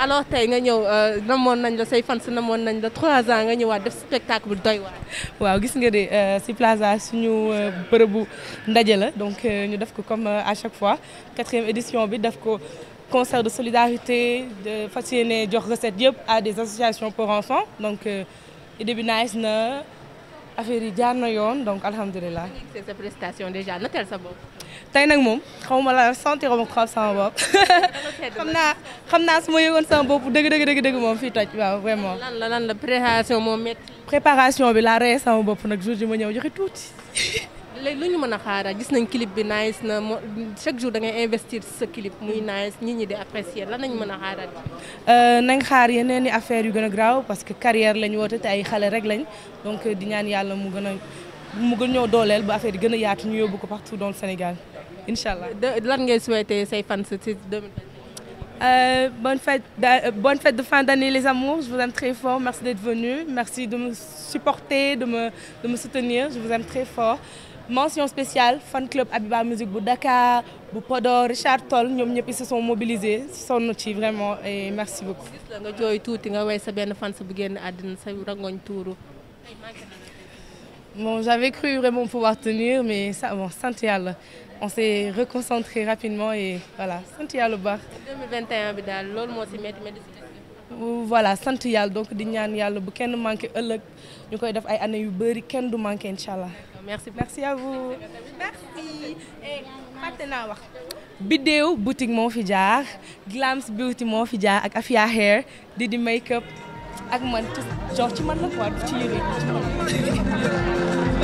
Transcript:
alors tey nga ñëw euh, namoon nañ la say fans namoon nañ la trois ans nga ñëwaat def spectacle bu doy waar. waaw gis nga de euh, si plaza suñu euh, bërëbu ndaje la donc ñu def ko comme à chaque fois quatrième édition bi def ko concert de solidarité de fas yéene jox recette yëpp à des associations pour enfants donc idée bi nice na. affaire yi jaar na yoon donc alhamdulilah. c'est sa prestation déjà tey nag moom xaw ma la sentir ma trop sama bopp. xam naa xam naa su ma yëgoon sama bopp dëgg dëgg dëgg dëgg moom fii toj waaw vraiment. lan la lan préparation moo métti. préparation bi laa rey sama bopp nag jour ji ma ñëw joxe tuuti. léegi lu ñu mën a xaaral gis nañ clip bi nice na chaque jour da ngay investir sa clip muy nice nit ñi di apprécier lan nañ mën a xaaral. Euh, nañ xaar yeneen i affaires yu gën a graw parce que carrière lañu woo te ay xale rek lañ donc di ñaan yàlla mu gën a mu gën ñoo dooleel ba affaire yi gën a yaatu ñu yóbbu ko partout dans le Sénégal incha allah. lan ngay souhaiter say fans ci 2020. Euh, bonne fête euh, bonne fête de fin d'année les amours je vous aime très fort merci d'être venus merci de me supporter de me de me soutenir je vous aime très fort. mention spéciale fan club Abiba Musique bu Dakar bu Podor Richard Toll ñoom ñëpp se sont mobilisés sonn ci vraiment et merci beaucoup. gis la nga jooy tuuti nga way sa benn fan bu génn àddina sa rangoñ tuuru. bon j'avais cru vraiment pouvoir tenir mais ça bon sant yàlla on s'est reconcentré rapidement et voilà sant yàlla bu baax. 2021 daal loolu moo si voilà sant yàlla donc di ñaan yàlla bu kenn manqué ëllëg ñu koy def ay années yu bëri kenn du manqué incha allah. merci merci à vous. merci. Eh, fàtte naa wax. Biddew boutique moo fi jaar Glams Beauty moo fi jaar ak Afia di di make up ak man jox ci man la quoi ci yére ci